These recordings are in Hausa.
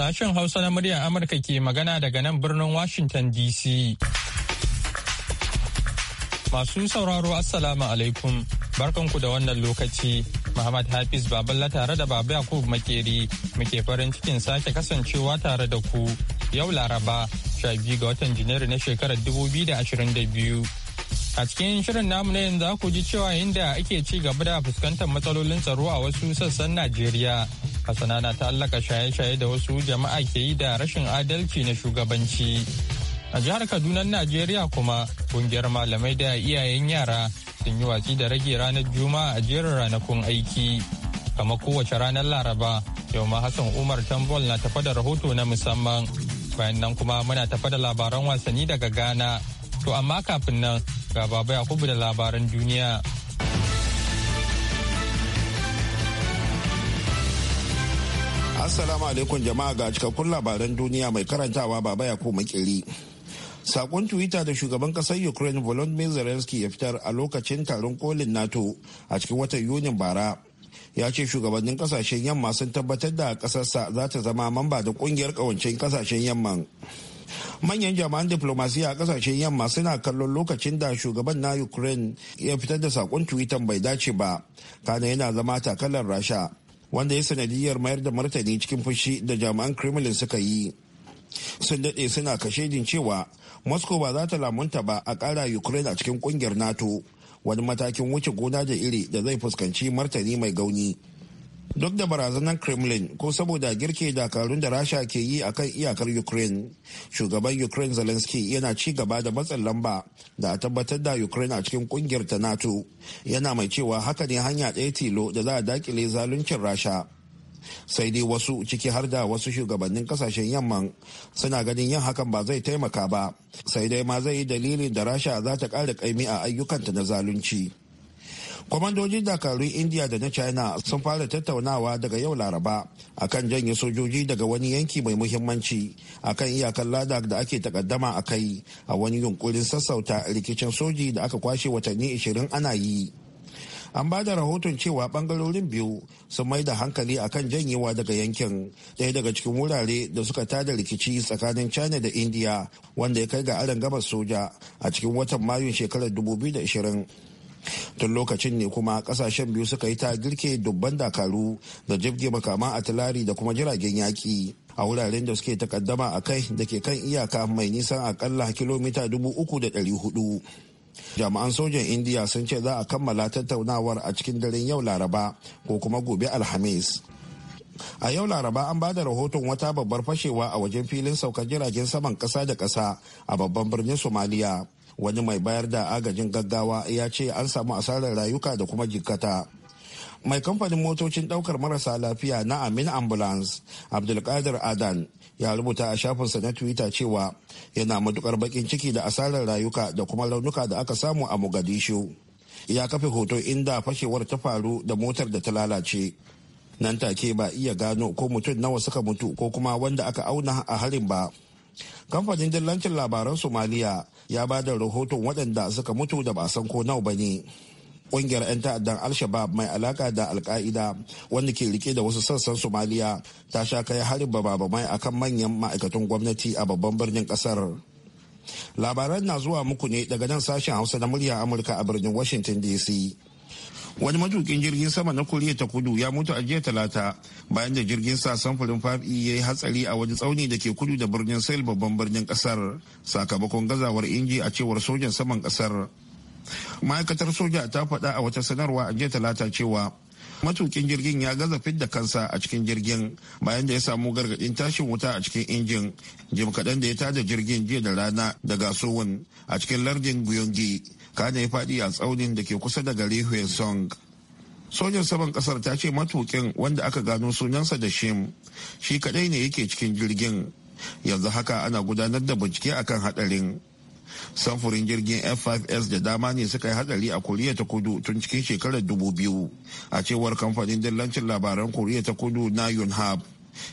Sashen Hausa na muryar Amurka ke magana daga nan birnin Washington DC. Masu sauraro Assalamu alaikum. Barkanku da wannan lokaci. Muhammad Hafiz Baballa tare da Baba Yakub Makeri muke farin cikin sake kasancewa tare da ku yau Laraba 12 ga watan Janairu na shekarar 2022. A cikin shirin namu na yanzu ku ji cewa inda ake ci gaba da fuskantar matsalolin tsaro a wasu sassan Najeriya. Hassana na ta ta'allaka shaye-shaye da wasu jama'a ke yi da rashin adalci na shugabanci. A jihar Kaduna Najeriya kuma kungiyar malamai da iyayen yara sun yi watsi da rage ranar Juma'a a jerin ranakun aiki. Kama kowace ranar Laraba, yau ma Hassan Umar Tambol na tafa da rahoto na musamman. Bayan nan kuma muna tafa da labaran wasanni daga Ghana. To amma kafin nan Ga a kubu da labaran duniya. Assalamu alaikum jama'a ga cikakkun labaran duniya mai karantawa baba Yakubu makiri. sakon twitter da shugaban kasar ukraine volodymyr zelensky ya fitar a lokacin taron kolin nato a cikin watan yunin bara ya ce shugabannin kasashen yamma sun tabbatar da kasarsa za ta zama mamba da kungiyar kawancin kasashen yamman manyan jami'an diplomasiya a kasashen yamma suna kallon lokacin da shugaban na ukraine ya fitar da sakon twitter bai dace ba kana yana zama takalar rasha wanda ya sanadiyar mayar da martani cikin fushi da jami'an kremlin suka yi sun daɗe suna kashe din cewa moscow ba za ta lamunta ba a kara ukraine a cikin ƙungiyar nato wani matakin wuce gona da iri da zai fuskanci martani mai gauni duk da barazanar kremlin ko saboda girke dakarun da rasha ke yi akan iyakar ukraine shugaban ukraine zelensky yana ci gaba da matsin lamba da a tabbatar da ukraine a cikin kungiyar ta nato yana mai cewa haka ne hanya ɗaya tilo da za a dakile zaluncin rasha sai dai wasu ciki har da wasu shugabannin kasashen yamman suna ganin yin hakan ba zai taimaka ba sai dai ma zai yi dalilin da rasha za ta ƙara ƙaimi a ayyukanta na zalunci kwamandojin dakarun india da na china sun fara tattaunawa daga yau laraba a kan janye sojoji daga wani yanki mai muhimmanci a kan iyakar lada da ake takaddama a kai a wani yunkurin sassauta rikicin soji da aka kwashe watanni ishirin ana yi an ba da rahoton cewa bangarorin biyu sun mai da hankali akan janyewa daga yankin ɗaya daga cikin wurare da suka tada rikici tsakanin china da india wanda ya kai ga aron gabas soja a cikin watan mayun shekarar 2020 tun lokacin ne kuma kasashen biyu suka yi ta girke dubban dakaru da jibge a tilari da kuma jiragen yaƙi a wuraren da suke takaddama a kai da ke kan iyaka mai nisan akalla kilomita dubu uku da ɗari hudu jami'an sojan indiya sun ce za a kammala tattaunawar a cikin daren yau laraba ko kuma gobe alhamis a yau laraba an ba da rahoton wata babbar fashewa a wajen filin saukar jiragen saman kasa da kasa a babban birnin somaliya wani mai bayar da agajin gaggawa ya ce an samu asarar rayuka da kuma jikkata mai kamfanin motocin daukar marasa lafiya na amin ambulance abdulkadir adan ya rubuta a shafinsa na twitter cewa yana matukar bakin ciki da asarar rayuka da kuma launuka da aka samu a mogadishu ya kafe hoto inda fashewar ta faru da motar da ta lalace nan take ba iya gano ko mutum nawa suka mutu ko kuma wanda aka auna a harin ba kamfanin dillancin labaran somaliya ya ba da rahoton waɗanda suka mutu da ba san ko nawa ba ne ƙungiyar 'yan ta'addan al-shabab mai alaka da al wanda ke rike da wasu sassan somaliya ta sha kai harin bababamai akan manyan ma'aikatan gwamnati a babban birnin ƙasar labaran na zuwa muku ne daga nan sashen hausa na murya amurka a birnin washington dc wani matukin jirgin sama na koriya ta kudu ya mutu a jiya talata bayan da jirgin sa samfurin fafi ya yi hatsari a wani tsauni da ke kudu da birnin sail babban birnin kasar sakamakon gazawar inji a cewar sojan saman kasar ma'aikatar soja ta faɗa a wata sanarwa a jiya talata cewa matukin jirgin ya gaza fidda kansa a cikin jirgin bayan da ya samu gargaɗin tashin wuta a cikin injin jim kaɗan da ya tada jirgin jiya da rana daga sowon a cikin lardin guyongi kan ya faɗi a tsaunin da ke kusa da gari song sojan saman kasar ta ce matukin wanda aka gano sunansa da shim shi kadai ne yake cikin jirgin yanzu haka ana gudanar da bincike akan hadarin samfurin jirgin f5s da dama ne suka yi hadari a koriya ta kudu tun cikin shekarar 2000 a cewar kamfanin dillancin labaran koriya ta kudu na yunhab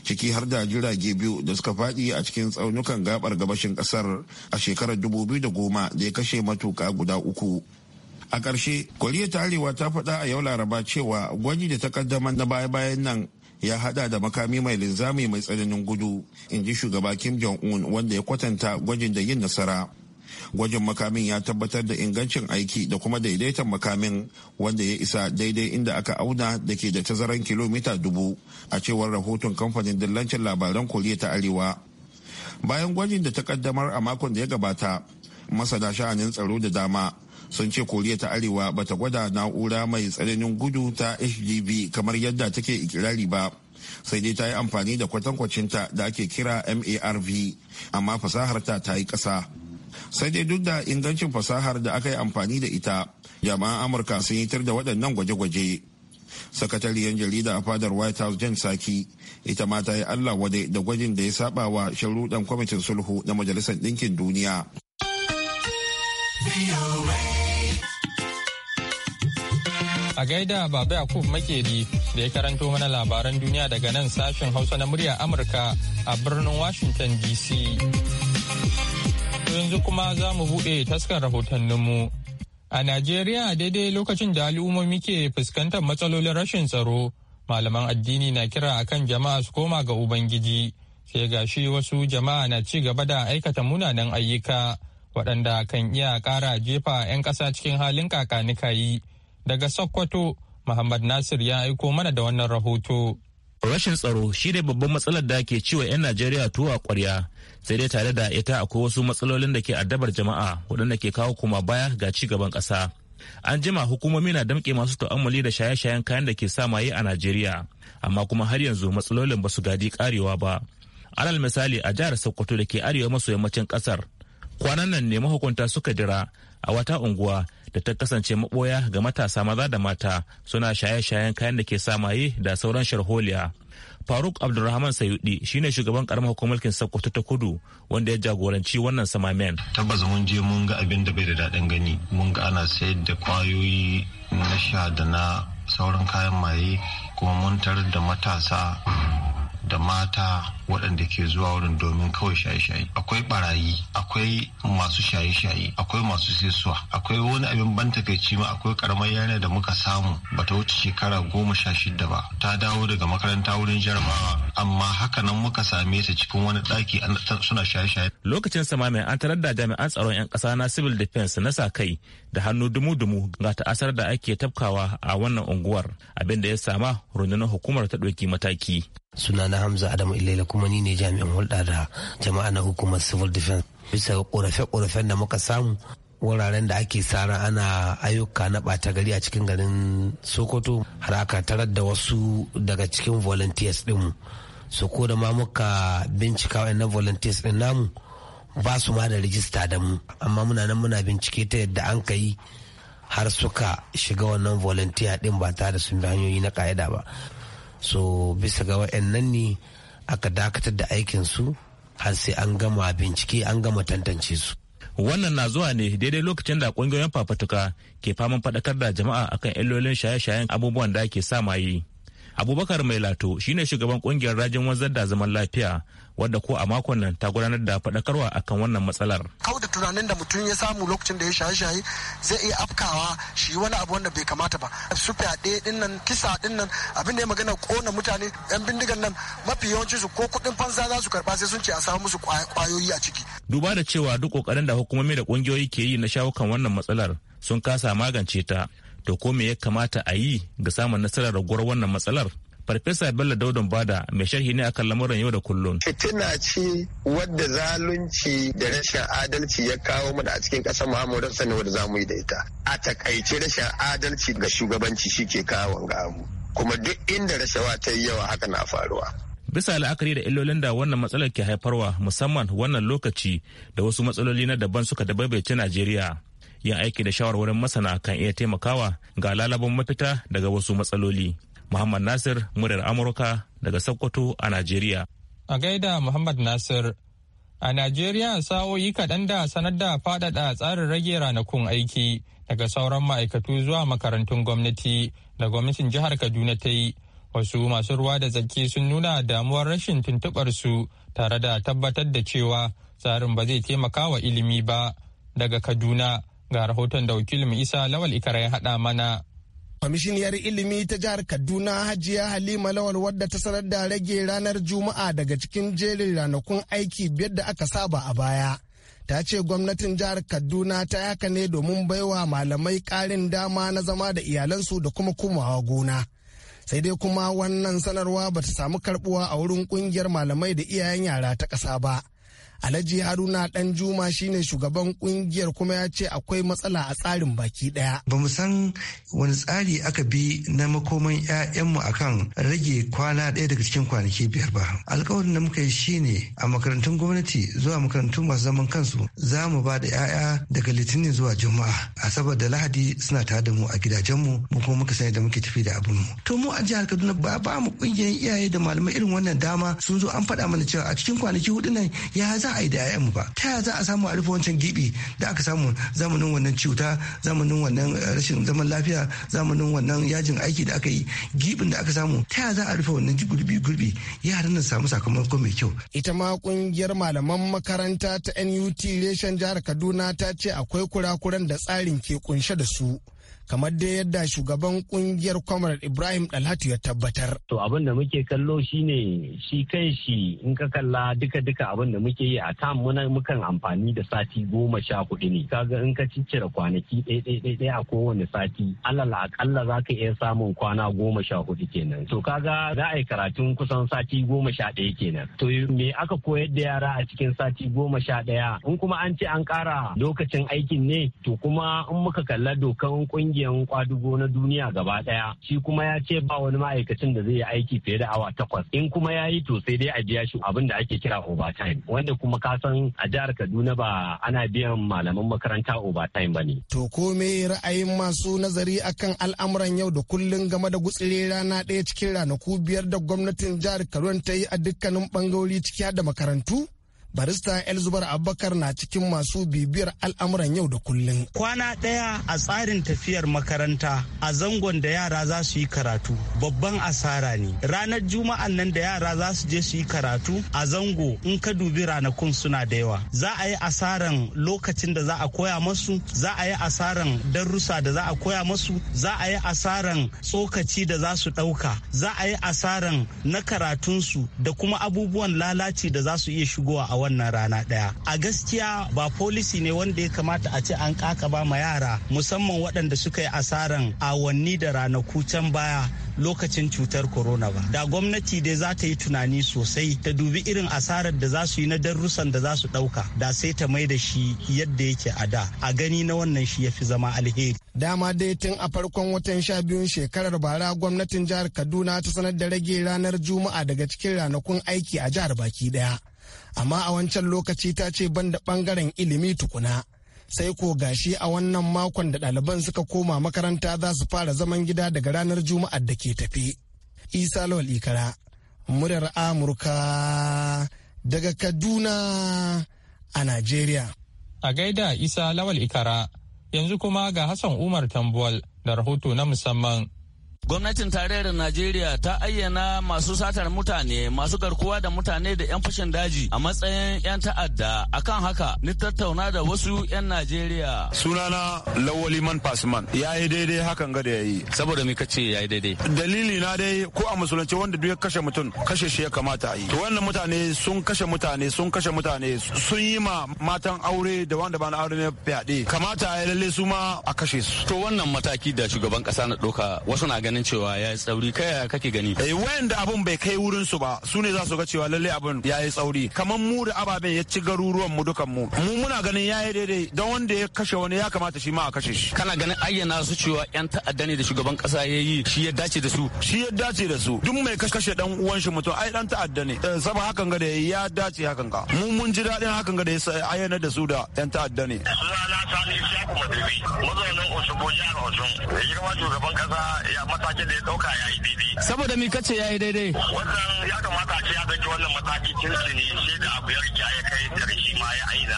ciki har da jirage biyu da suka fadi a cikin tsaunukan gabar gabashin ƙasar a shekarar 2010 da ya kashe matuka guda uku. A ƙarshe, Koriya ta Arewa ta faɗa a yau Laraba cewa gwaji da ta kaddamar na baya-bayan nan ya haɗa da makami mai linzami mai tsananin gudu, in ji shugaba Kim Jong-un wanda ya kwatanta gwajin da yin nasara. gwajin makamin ya tabbatar da ingancin aiki da kuma daidaitan makamin wanda ya isa daidai inda aka auna da ke da tazaran kilomita dubu a cewar rahoton kamfanin dillancin labaran koriya ta arewa bayan gwajin da ta kaddamar a makon da ya gabata masana sha'anin tsaro da dama sun ce koriya ta arewa bata gwada na'ura mai tsananin gudu ta hdb kamar yadda take ikirari ba sai dai ta yi amfani da kwatankwacinta da ake kira marv amma fasaharta ta yi ƙasa sai dai duk da ingancin fasahar da aka yi amfani da ita jami'an amurka sun yi tar da waɗannan gwaje-gwaje sakatariyar jarida a fadar white house jan saki ita ma ta yi allah wadai da gwajin da ya saba wa sharuɗan kwamitin sulhu na majalisar ɗinkin duniya a gaida baba yakub makeri da ya karanto mana labaran duniya daga nan sashen hausa na murya amurka a birnin washington dc yanzu kuma za mu buɗe taskar rahotanninmu. A Najeriya daidai lokacin da al'ummomi ke fuskantar matsalolin rashin tsaro, malaman addini na kira a kan jama'a su koma ga Ubangiji, sai ga shi wasu jama'a na ci gaba da aikata munanan ayyuka waɗanda kan iya ƙara jefa 'yan ƙasa cikin halin kakanikayi. Daga Sokoto, Muhammad Nasir ya aiko mana da wannan rahoto. rashin tsaro shi ne babban matsalar da ke ciwo 'yan najeriya tuwa kwarya sai dai tare da ita akwai wasu matsalolin da ke addabar jama'a waɗanda ke kawo kuma baya ga ci gaban ƙasa an jima hukumomi na damƙe masu ta'ammali da shaye-shayen kayan da ke sa maye a najeriya amma kuma har yanzu matsalolin ba su gadi karewa ba alal misali a jihar sokoto da ke arewa maso yammacin ƙasar kwanan nan ne mahukunta suka jira a wata unguwa da ta kasance maboya ga matasa maza da mata suna shaye-shayen kayan da ke samaye da sauran sharholiya. Faruk Abdulrahman Sayudi shine shugaban karamar mulkin Sokoto ta Kudu wanda ya jagoranci wannan samamen. Tabbas mun je mun ga abin da bai da daɗin gani. Mun ga ana sayar da kwayoyi na sha da na sauran kayan maye kuma mun tarar da matasa da mata waɗanda ke zuwa wurin domin kawai shaye-shaye akwai barayi akwai masu shaye-shaye akwai masu sesuwa akwai wani abin ban takaici ma akwai karamar yana da muka samu ba ta wuce shekara goma sha shida ba ta dawo daga makaranta wurin jarabawa amma haka nan muka same ta cikin wani ɗaki suna shaye-shaye. lokacin sama mai an tarar da jami'an tsaron 'yan ƙasa na civil defense na sa kai da hannu dumu-dumu ga ta'asar da ake tafkawa a wannan unguwar abin da ya sama rundunar hukumar ta ɗauki mataki. sunana hamza adamu ilaila kuma kuma ni ne jami'in hulɗa da jama'a na hukumar civil defense bisa ga ƙorafe-ƙorafen da muka samu wuraren da ake tsara ana ayyuka na ɓata gari a cikin garin sokoto har aka tarar da wasu daga cikin volunteers ɗinmu su ko da ma muka bincika na volunteers ɗin namu ba su ma da rijista da mu amma muna nan muna bincike ta yadda an ka yi har suka shiga wannan volunteer ɗin ba tare da sun bi hanyoyi na ka'ida ba so bisa ga wa'annan ne aka dakatar da aikinsu har sai an gama bincike an gama tantance su. Wannan na zuwa ne daidai lokacin da ƙungiyoyin fafatuka ke faman faɗakar da jama'a akan illolin shaye-shayen abubuwan da ake sa maye. abubakar mai lato shine shugaban kungiyar rajin wanzar da zaman lafiya wadda ko a makon nan ta gudanar da faɗakarwa akan wannan matsalar. Kau da tunanin da mutum ya samu lokacin da ya shaye-shaye zai iya afkawa shi wani abu wanda bai kamata ba. Su fyaɗe ɗin nan kisa ɗin nan abin da ya magana kona mutane yan bindigan nan mafi yawanci su ko kuɗin fansa za su karɓa sai sun ce a samu musu ƙwayoyi a ciki. Duba da cewa duk ƙoƙarin da hukumomi da ƙungiyoyi ke yi na shawo kan wannan matsalar sun kasa magance ta. to ko me ya kamata a yi ga samun nasarar raguwar wannan matsalar Farfesa Bello Daudon Bada mai sharhi ne akan lamuran yau da kullum. Fitina ce wadda zalunci da rashin adalci ya kawo mana a cikin ƙasar Muhammadu Sani wadda za mu yi da ita. A takaice rashin adalci ga shugabanci shi ke kawo gamu. Kuma duk inda rashawa ta yi yawa haka na faruwa. Bisa la'akari da illolin da wannan matsalar ke haifarwa musamman wannan lokaci da wasu matsaloli na daban suka dabaibaita Najeriya. yin aiki da shawarwarin masana kan iya taimakawa ga lalaban mafita daga wasu matsaloli. Muhammad Nasir muryar Amurka daga Sokoto a Najeriya. A gaida Muhammad Nasir, a Najeriya sa'o'i kaɗan da sanar da faɗaɗa tsarin rage ranakun aiki daga sauran ma'aikatu zuwa makarantun gwamnati da gwamnatin jihar Kaduna ta yi. Wasu masu ruwa da zaki sun nuna damuwar rashin tuntuɓarsu tare da tabbatar da cewa tsarin ba zai taimaka wa ilimi ba daga Kaduna. Ga rahoton da wakilin Isa Lawal Ikara ya haɗa mana. Kwamishiniyar ilimi ta jihar Kaduna Hajiya Halima Lawal wadda ta sanar da rage ranar Juma'a daga cikin jerin ranakun aiki biyar da aka saba a baya. ta ce gwamnatin jihar kaduna ta yaka ne domin baiwa malamai karin dama na zama da iyalansu da kuma kumawa gona sai dai kuma wannan sanarwa ba ta samu karbuwa a wurin kungiyar malamai da iyayen yara ta ƙasa ba Alhaji Haruna Dan Juma shine shugaban kungiyar kuma ya ce akwai matsala a tsarin baki daya. Ba mu san wani tsari aka bi na makoman 'ya'yanmu akan rage kwana ɗaya daga cikin kwanaki biyar ba. Alkawarin da muka yi shine a makarantun gwamnati zuwa makarantun masu zaman kansu za mu ba da 'ya'ya daga litinin zuwa juma'a A saboda lahadi suna tare da mu a gidajenmu mu kuma muka sani da muke tafi da abinmu. To mu a jihar Kaduna ba ba mu kungiyar iyaye da malamai irin wannan dama sun zo an faɗa mana cewa a cikin kwanaki hudu nan ya za a yi da 'ya'yan ba ta yaya za a samu a rufe wancan gibi da aka samu zamanin wannan cuta zamanin wannan rashin zaman lafiya zamanin wannan yajin aiki da aka yi gibin da aka samu ta yaya za a rufe wannan gurbi gurbi yaran nan samu sakamako mai kyau ita ma kungiyar malaman makaranta ta NUT reshen jihar Kaduna ta ce akwai kurakuran da tsarin ke kunshe da su kamar dai yadda shugaban kungiyar kwamar ibrahim dalhatu ya tabbatar to abin da muke kallo shine shi kan shi in ka kalla duka duka abin da muke yi a kan muna mukan amfani da sati goma sha hudu ne kaga in ka ciccire kwanaki ɗaya ɗaya a kowane sati alal akalla za ka iya samun kwana goma sha hudu kenan to kaga za a yi karatun kusan sati goma sha ɗaya kenan to me aka koyar da yara a cikin sati goma sha ɗaya in kuma an ce an ƙara lokacin aikin ne to kuma in muka kalla dokan kungiyar ƙungiyar kwadugo na duniya gaba ɗaya shi kuma ya ce ba wani ma'aikacin da zai yi aiki fiye da awa takwas in kuma ya yi to sai dai a biya shi abin da ake kira overtime wanda kuma ka san a jihar Kaduna ba ana biyan malaman makaranta overtime ba ne. To ko me ra'ayin masu nazari akan al'amuran yau da kullun game da gutsire rana ɗaya cikin ranaku biyar da gwamnatin jihar Kaduna ta yi a dukkanin bangarori ciki da makarantu? barista elzubar abubakar na cikin masu bibiyar al'amuran yau da kullum kwana ɗaya a tsarin tafiyar makaranta a zangon da yara za su yi karatu babban asara ne ranar juma'an nan da yara za su je su yi karatu a zango in ka dubi ranakun suna da yawa za a yi asaran lokacin da za a koya masu za a yi asaran darussa da za a koya masu za a yi asaran tsokaci da za su ɗauka za a yi asaran na karatunsu da kuma abubuwan lalaci da za su iya shigowa a wannan rana ɗaya a gaskiya ba polisi ne wanda ya kamata a ce an ba ma yara musamman waɗanda suka yi asaran awanni da ranaku can baya lokacin cutar corona ba da gwamnati dai za ta yi tunani sosai ta dubi irin asarar da za su yi na darussan da za su ɗauka da sai ta mai da shi yadda yake a da a gani na wannan shi ya fi zama alheri dama dai tun a farkon watan sha biyun shekarar bara gwamnatin jihar kaduna ta sanar da rage ranar juma'a daga cikin ranakun aiki a jihar baki daya amma a wancan lokaci ta ce banda bangaren ilimi tukuna sai ko gashi a wannan makon da ɗaliban suka koma makaranta za su fara zaman gida daga ranar juma'ar da ke tafi isa lawal ikara muryar amurka daga kaduna a nigeria. a gaida isa lawal ikara yanzu kuma ga hassan umar tambuwal da rahoto na musamman Gwamnatin tarayyar Najeriya ta ayyana masu satar mutane, masu garkuwa da mutane da 'yan fashin daji a matsayin 'yan ta'adda. a kan haka, ni tattauna da wasu 'yan Najeriya. Sunana Lawali Man Fasman ya yi daidai hakan ga da ya yi. Saboda me kace ya yi daidai? Dalili na dai ko a musulunci wanda duk kashe mutum kashe shi ya kamata a yi. wannan mutane sun kashe mutane sun kashe mutane sun yi ma matan aure da wanda ba aure ne fyaɗe. Kamata ya lalle su ma a kashe su. To wannan mataki da shugaban ƙasa na ɗauka wasu na ganin ganin cewa ya yi tsauri kai ya kake gani eh wayanda abun bai kai wurin su ba su ne za su ga cewa lalle abun ya yi tsauri kamar mu da ababen ya ci garuruwan mu dukan mu mu muna ganin ya yi daidai don wanda ya kashe wani ya kamata shi ma a kashe shi kana ganin ayyana su cewa yan ta'adda ne da shugaban kasa ya yi shi ya dace da su shi ya dace da su duk mai kashe dan uwan shi mutum ai dan ta'adda ne eh, saboda hakan ga da ya dace hakan ga mu mun ji daɗin hakan ga da ya ayyana da su da yan ta'adda ne sani shaku madari mazaunin osogbo jihar osun da girma shugaban kasa ya matakin da ya dauka ya yi daidai saboda mi kace ya yi daidai wannan ya kamata a ce ya dauki wannan mataki tun tuni sai da abu ya riga ya kai da rashi ma ya aina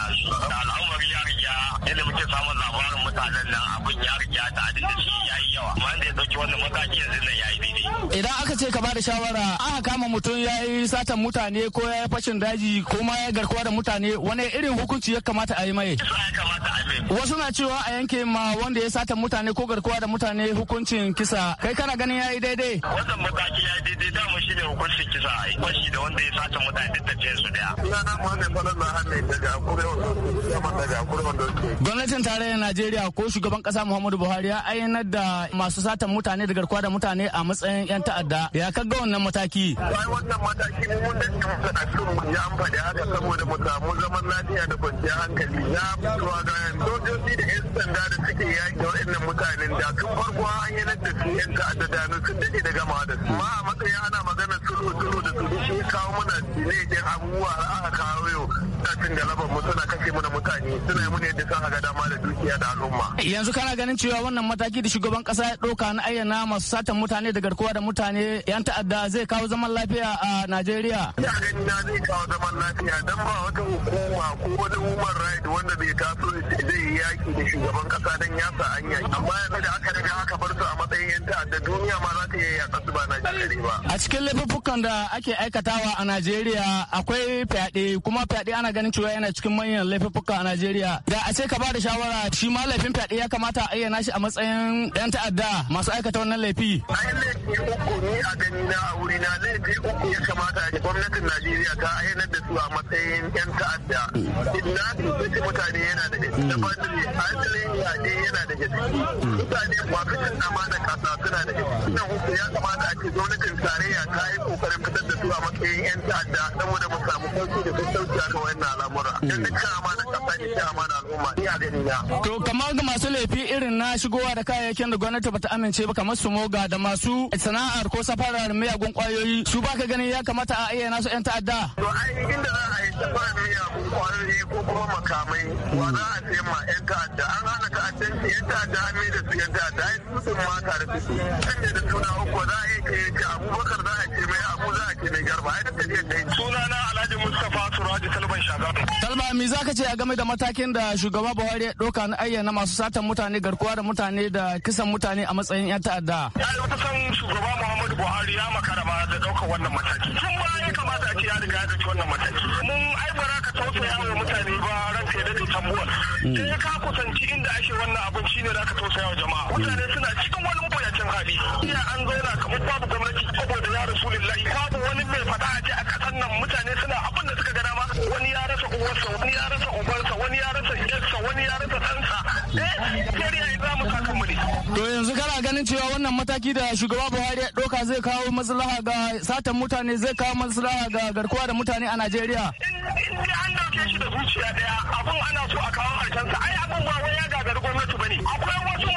da al'amari ya riga yadda muke samun labarin mutanen nan abin ya riga da abin da shi ya yi yawa amma da ya dauki wannan mataki yanzu nan ya yi daidai idan aka ce ka ba da shawara aka kama mutum ya yi satan mutane ko ya yi fashin daji ko ma ya garkuwa da mutane wani irin hukunci ya kamata a yi mai ya kamata Wasu na cewa a yanke ma wanda ya sata mutane ko garkuwa da mutane hukuncin kisa. Kai kana ganin ya yi daidai? Wannan mataki yi daidai da shi ne hukuncin kisa a yi shi da wanda ya sace mutane duk da su daya. Sunana Muhammad Balalla Hamid daga Kurewa daga Gwamnatin tarayyar Najeriya ko shugaban kasa Muhammadu Buhari ya ayyana da masu satan mutane da garkuwa da mutane a matsayin 'yan ta'adda. Ya kaga wannan mataki? wai wannan mataki mu mun dace mu kada su ya amfani haka saboda mu samu zaman lafiya da kwanciyar hankali. Ya fitowa ga sojoji da 'yan sanda da suke yaki waɗannan mutanen da tun farko an yi da su 'yan ta'adda da sun daɗe da gama da su. Ma a matsayin ana magana sulhu da sulhu shi kawo mana ne abubuwa da aka kawo yau kacin galaban mu suna kashe mana mutane suna yi mana yadda suka ga dama da dukiya da al'umma. yanzu kana ganin cewa wannan mataki da shugaban kasa ya ɗauka na ayyana masu satan mutane da garkuwa da mutane yan ta'adda zai kawo zaman lafiya a najeriya. ina gani na zai kawo zaman lafiya dan ba wata hukuma ko wani human right wanda bai taso zai yaki da shugaban kasa dan ya sa an amma yanzu da aka riga aka bar kungiyoyin yan duniya ma za ta iya yakan su ba Najeriya ba. A cikin laifuffukan da ake aikatawa a Najeriya akwai fyaɗe kuma fyaɗe ana ganin cewa yana cikin manyan laifuffuka a Najeriya. Da a ce ka ba da shawara shi ma laifin fyaɗe ya kamata a ayyana shi a matsayin ɗan ta'adda masu aikata wannan laifi. Ai laifi uku ni a gani na a wuri na laifi uku ya kamata gwamnatin Najeriya ta ayyana da su a matsayin ɗan ta'adda. Ina su mutane yana da gaske. Da ba su asalin yaɗe yana da gaske. Mutane ba su amana matasa suna da ilimin hukun ya kamata a ce gwamnatin tarayya ta yi kokarin fitar da su a matsayin yan ta'adda saboda mu samu sauki da sassauci a kan wannan al'amura don dukkan amana kasa ne ta amana al'umma ni a gani na. to kamar ga masu laifi irin na shigowa da kayayyakin da gwamnati bata amince ba kamar su moga da masu sana'ar ko safarar miyagun kwayoyi su baka ganin ya kamata a ayyana su yan ta'adda. to ai inda za a ba niyya ko kwararre ko kuma makamai wa za a ce ma yan ta'adda an hana ka a yan ta'adda an mai da su yan ta'adda ai su sun ma tare da su kan da suna uku za a yi ka yanke abubakar za a ce mai abu za a ce mai garba ai da tafiya da suna na alhaji mustapha suraji Salman shaga. talba me za ka ce a game da matakin da shugaba buhari ya ɗauka na ayyana masu satan mutane garkuwa da mutane da kisan mutane a matsayin yan ta'adda. ya yi kusan shugaba muhammadu buhari ya makara ma da ɗaukar wannan mataki. tun ba ya kamata kamata a ya riga ya dauki wannan mataki mun ai za ka tausaya wa mutane ba ranka ya dade tambuwar hmm. sai ka kusanci inda ake wannan abin shine za ka tausaya wa jama'a mutane suna cikin wani maboyacin hali iya an zauna kamar babu gwamnati saboda ya rasulullahi babu wani mai fada a ce a kasan nan mutane suna abin da suka ga dama wani ya rasa uwarsa wani ya rasa ubarsa wani ya rasa yarsa wani ya rasa ɗansa To yanzu kana ganin cewa wannan mataki da shugaba Buhari ya ɗauka zai kawo maslaha ga satan mutane zai kawo maslaha ga garkuwa da mutane a Najeriya. In an dauke shi da zuciya daya abin ana so a kawo sa, ai abin ba wai ya gagar gwamnati ba ne. Akwai wasu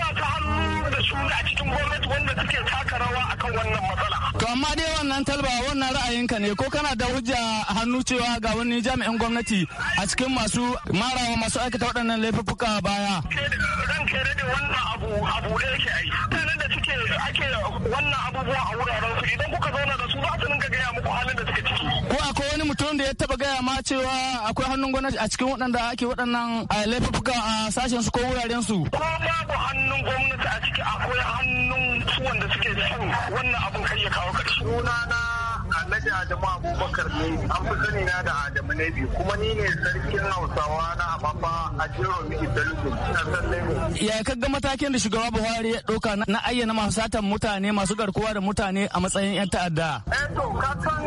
da su a cikin gwamnati wanda suke taka rawa akan wannan matsala. To amma dai wannan talba wannan ra'ayin ka ne ko kana da hujja hannu cewa ga wani jami'in gwamnati a cikin masu marawa masu aikata waɗannan laifuffuka baya. kere da wannan abu abu da yake aiki. ake wannan abubuwa a wuraren su idan kuka zauna da su za su ninka gaya muku halin da suke ciki. Ko akwai wani mutum da ya taba gaya ma cewa akwai hannun gwamnati a cikin waɗanda ake waɗannan eh, laifuka a sashen su ko wuraren su. Ko babu hannun gwamnati a ciki akwai hannun su wanda suke ciki. wannan abun kai ya kawo ƙarshe. Sunana annabi Adamu Abubakar ne an fi sani na da Adamu na biyu kuma ni ne sarkin Hausawa na amafa a Jero Miki Telugu ina san ne. Yaya ka ga matakin da shugaba Buhari ya ɗauka na ayyana masu satan mutane masu garkuwa da mutane a matsayin 'yan ta'adda? Eto eh ka san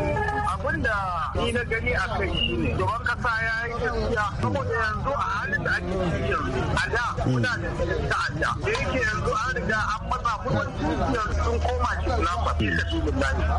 abin da ni na gani a kai shi ne. Shugaban kasa ya yi gaskiya saboda yanzu a halin da ake ciki yanzu a da muna da ta'adda. Da yake yanzu an riga an matsa mutum yanzu sun koma lamba fi da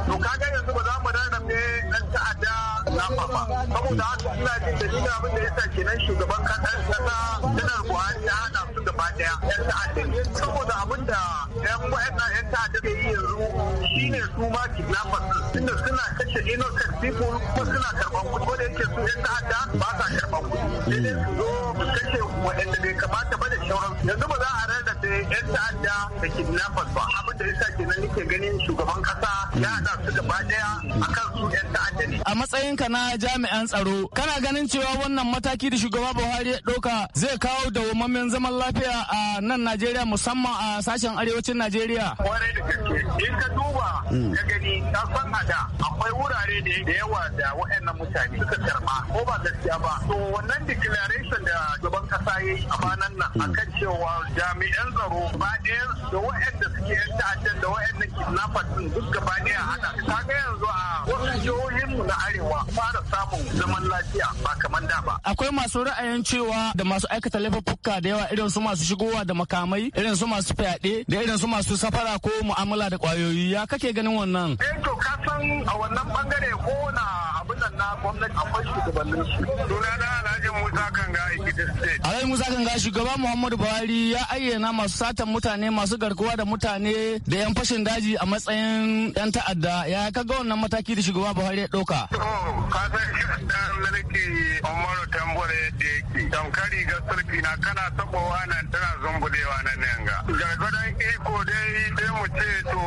to kaga yanzu ba za mu rarrabe dan ta'adda lamba ba saboda haka ina jin dalilin abin da yasa kenan shugaban kasar kasa janar buhari ya hada su gaba daya yan ta'adda saboda abin da yan yan ta'adda ke yi yanzu shine su ma kidnappers tunda suna kashe innocent people kuma suna karban kuɗi ko da yake su yan ta'adda ba sa karban kuɗi sai su zo kashe wa'anda bai kamata ba da shauransu yanzu ba za a yan ta'adda da kidnappers ba abin da yasa kenan nake ganin shugaban kasa ya haɗa su gaba ɗaya kan su 'yan ta'adda ne. A matsayinka na jami'an tsaro, kana ganin cewa wannan mataki da shugaba Buhari ya ɗauka zai kawo dawwammamin zaman lafiya a nan Najeriya musamman a sashen arewacin Najeriya? Kwarai da gaske, in ka duba hmm. ka gani ka san a da akwai wurare da yawa da waɗannan mutane suka tarma, ko ba gaskiya ba. To wannan declaration da shugaban kasa ya yi a banan nan hmm. akan cewa jami'an tsaro ba ɗaya da waɗanda suke 'yan ta'addan da waɗanda na fatin duk gaba daya hada ta ga yanzu a wasu jihohin mu na arewa fara samun zaman lafiya ba kamar da ba akwai masu ra'ayin cewa da masu aikata laifuffuka da yawa irin su masu shigowa da makamai irin su masu fyaɗe da irin su masu safara ko mu'amala da kwayoyi ya kake ganin wannan eh to ka san a wannan bangare ko na abin nan na gwamnati akwai shugabannin su n'a Alhaji Musa Kanga Ikiti State Alhaji Musa Kanga shugaba Muhammadu Buhari ya ayyana masu satan mutane masu garkuwa da mutane da yan fashin daji a matsayin yan ta'adda ya kaga wannan mataki da shugaba Buhari ya dauka. To ka san kiran mulki Umaru Tambore yadda yake tamkari ga sulki na kana tabowa nan tana zumbudewa nan ne ga. Gargadon iko dai sai mu ce to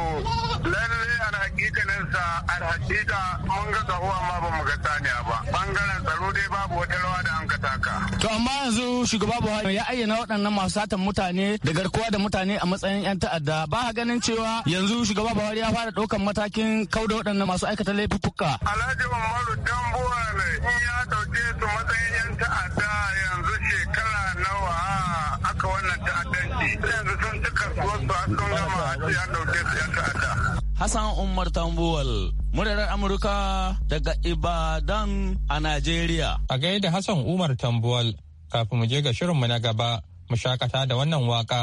lalle an sa an mun ga tsawo amma ba mu ga saniya ba. Bangaren tsaro dai babu wata rawa da an ka taka. To amma yanzu shugaba Buhari ya ayyana waɗannan masu satan mutane da garkuwa da mutane a matsayin 'yan ta'adda ba ganin cewa yanzu shugaba Buhari ya fara ɗaukan matakin kauda waɗannan masu aikata laifuka. Alhaji Umaru Dambuwa ne ya ɗauke su matsayin 'yan ta'adda yanzu shekara nawa aka wannan ta'addanci. Yanzu sun ci kasuwar su sun gama a ce an ɗauke su 'yan ta'adda. Hassan Umar Tambuwal, muryar Amurka daga Ibadan a Najeriya. A da Hassan Umar Tambuwal, kafin mu je ga shirinmu na gaba, mu shakata da wannan waka.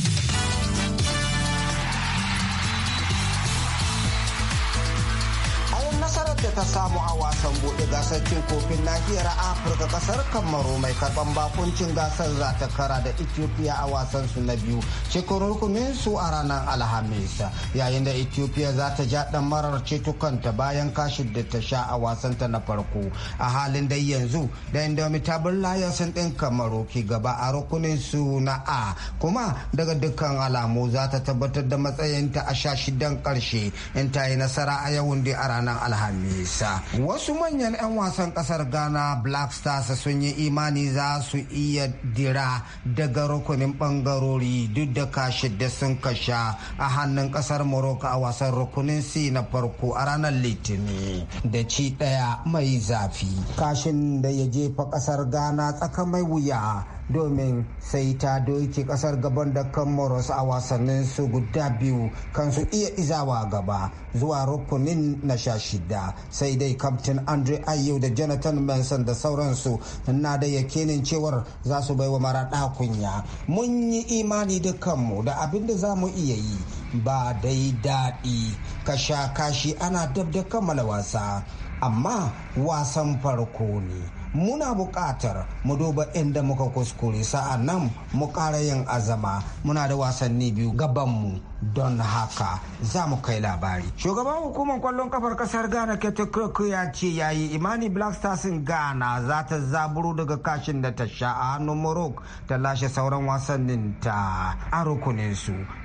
a wasan buɗe gasar cin kofin nahiyar afirka kasar kamaru mai karban bakuncin gasar za ta kara da ethiopia a wasan su na biyu cikin rukunin su a ranar alhamis yayin da ethiopia za ta ja marar kanta bayan kashi da ta sha a wasanta na farko a halin dai yanzu da indomitable sun ɗin kamaru ke gaba a rukunin su na a kuma daga dukkan alamu za ta tabbatar da matsayinta a sha shidan ƙarshe in ta yi nasara a yawun a ranar alhamis wasu manyan 'yan wasan kasar ghana black stars sun yi imani za su iya dira daga rukunin bangarori duk da kashi da sun kasha a hannun kasar morocco a wasan rukunin c na farko a ranar litinin da ci daya mai zafi kashin da ya jefa kasar ghana tsaka mai wuya domin sai ta doki kasar gaban da comoros a wasannin su guda biyu kan su iya izawa gaba zuwa rukunin na sha shida sai dai kaftin andre ayew da jonathan manson da sauransu na da yakinin cewar za su baiwa maraɗa kunya mun yi imani da kanmu da abin da za mu iya yi ba dai daɗi kasha kashi ana dab da kammala wasa amma wasan farko ne muna buƙatar mu duba inda muka kuskure sa'an nan mu ƙara yin azama muna da wasanni biyu gabanmu don haka za mu kai labari. Shugaban hukumar kwallon kafar kasar Ghana Kete Kroko, ya ce ya yi imani Black Stars in Ghana za ta zaburo daga kashin da ta sha a hannun Morocco ta lashe sauran wasannin ta a rukunin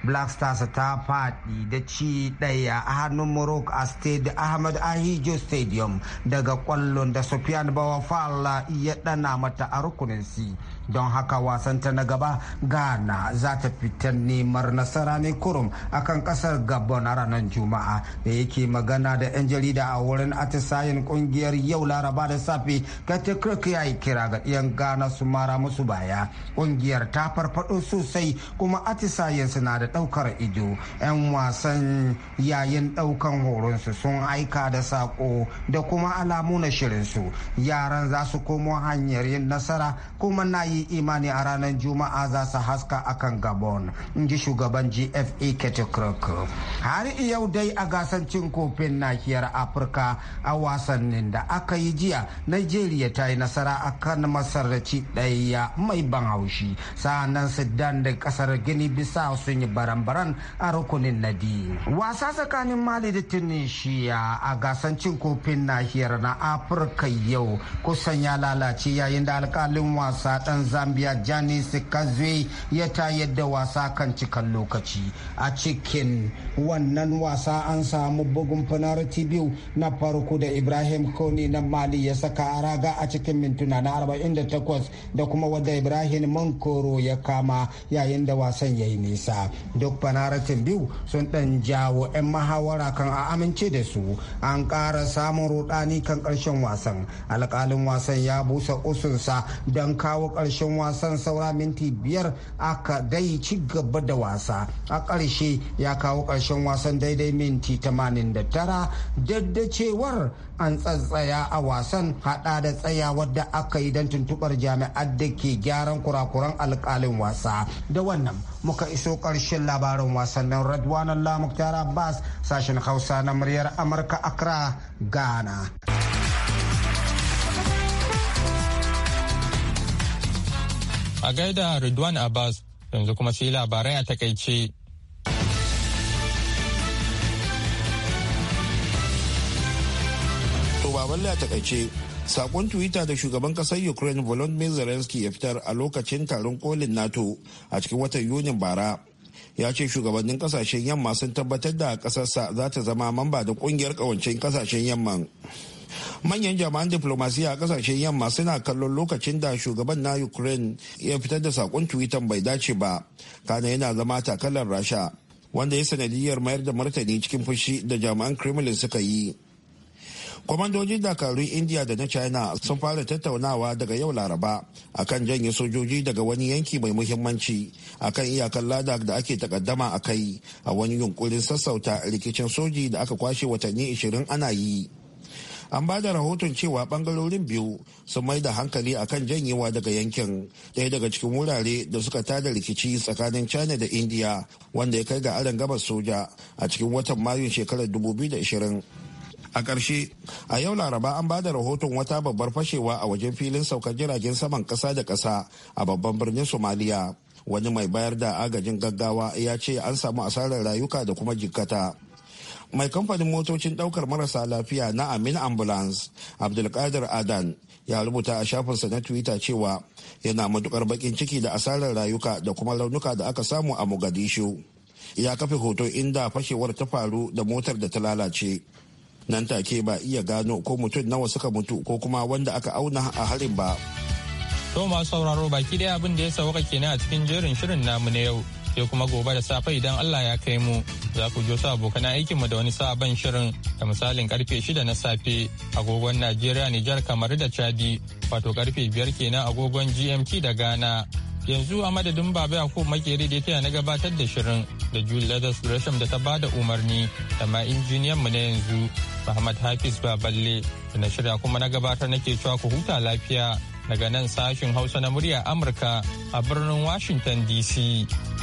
Black Stars ta faɗi da ci ɗaya a hannun Morocco a Stade Ahmad Ahijo Stadium daga kwallon da Sofiane Bawafala ya ɗana mata a rukunin don haka wasan ta na gaba ghana za ta fita nemar nasara ne kurum akan kasar gabon a ranar juma'a da yake magana da 'yan jarida a wurin atisayen kungiyar yau laraba da safe kata kirk ya yi kira ga 'yan ghana su mara musu baya kungiyar ta farfado sosai kuma atisayen suna da daukar ido 'yan wasan yayin daukan horonsu sun aika da sako da kuma alamu na shirinsu yaran za su komo hanyar yin nasara kuma na yi yi imani a ranar juma'a za su haska akan gabon in ji shugaban gfa e ketikrok har yau dai a gasar cin kofin nahiyar afirka a wasannin da aka yi jiya nigeria ta yi nasara akan masar da ci ɗaya mai ban haushi sa'annan sudan da kasar gini bisa sun yi baran-baran a rukunin nadi wasa tsakanin mali da tunisia a gasar cin kofin nahiyar na afirka yau kusan ya lalace yayin da alkalin wasa dan zambia janis kazwe ya tayar da wasa kan cikan lokaci a cikin wannan wasa an samu bugun fanarati biyu na farko da ibrahim koni na mali ya saka a raga a cikin mintuna na 48 da kuma wadda ibrahim mankoro ya kama yayin da wasan ya yi nisa duk fanaratin biyu sun dan jawo 'yan mahawara kan a amince da su an kara samun rudani kan karshen wasan alkalin wasan ya busa usunsa don kawo karshen. ƙarshen wasan saura minti biyar aka dai ci gaba da wasa a ƙarshe ya kawo ƙarshen wasan daidai minti 89 daddacewar an tsatsaya a wasan hada da tsayawar da aka yi don tuntubar jami'ar da ke gyaran kurakuran alkalin wasa da wannan muka iso ƙarshen labarin wasannin radwanan lamuktar bas sashen hausa na muryar amurka accra ghana A gaida Ridwan Abbas yanzu kuma sai labarai a takaice. To a takaice sakon twitter da shugaban kasar ukraine volodymyr zelensky ya fitar a lokacin taron kolin nato a cikin watan yunin bara ya ce shugabannin kasashen yamma sun tabbatar da kasarsa za ta zama mamba da kungiyar kawancin kasashen yamman manyan jami'an diplomasiya a kasashen yamma suna kallon lokacin da shugaban na ukraine ya fitar da sakon twitter bai dace ba kana yana zama takalar rasha wanda ya sanadiyar mayar da martani cikin fushi da jami'an kremlin suka yi kwamandojin dakarun india da na china sun fara tattaunawa daga yau laraba akan janye sojoji daga wani yanki mai muhimmanci akan iyakar lada da ake takaddama a kai a wani yunkurin sassauta rikicin soji da aka kwashe watanni 20 ana yi an ba da rahoton cewa bangarorin biyu sun mai da hankali akan janyewa daga yankin daya daga cikin wurare da suka tada rikici tsakanin china da india wanda ya kai ga aron gabas soja a cikin watan mayun shekarar 2020 a ƙarshe a yau laraba an ba da rahoton wata babbar fashewa a wajen filin saukar jiragen saman ƙasa da ƙasa a babban birnin somaliya wani mai bayar da agajin gaggawa ya ce an samu asarar rayuka da kuma jikkata mai kamfanin motocin daukar marasa lafiya na amin ambulance abdulkadir adan ya rubuta a shafinsa na twitter cewa yana matukar bakin ciki da asarar rayuka da kuma launuka da aka samu a mogadishu ya kafe hoto inda fashewar ta faru da motar da ta lalace nan take ba iya gano ko mutum nawa suka mutu ko kuma wanda aka auna a harin ba to masu sauraro baki daya abin da ya sauka kenan a cikin jerin shirin namu na yau sai kuma gobe da safe idan Allah ya kai mu za ku jo su abokan aikin mu da wani sabon shirin da misalin karfe shida na safe agogon Najeriya Nijar kamar da Chadi wato karfe biyar kenan agogon GMT da Ghana yanzu a madadin baba ko makeri da taya na gabatar da shirin da julius da Gresham da ta bada umarni da ma injiniyan mu na yanzu Muhammad Hafiz Baballe da na shirya kuma na gabatar nake cewa ku huta lafiya daga nan sashin Hausa na murya Amurka a birnin Washington DC.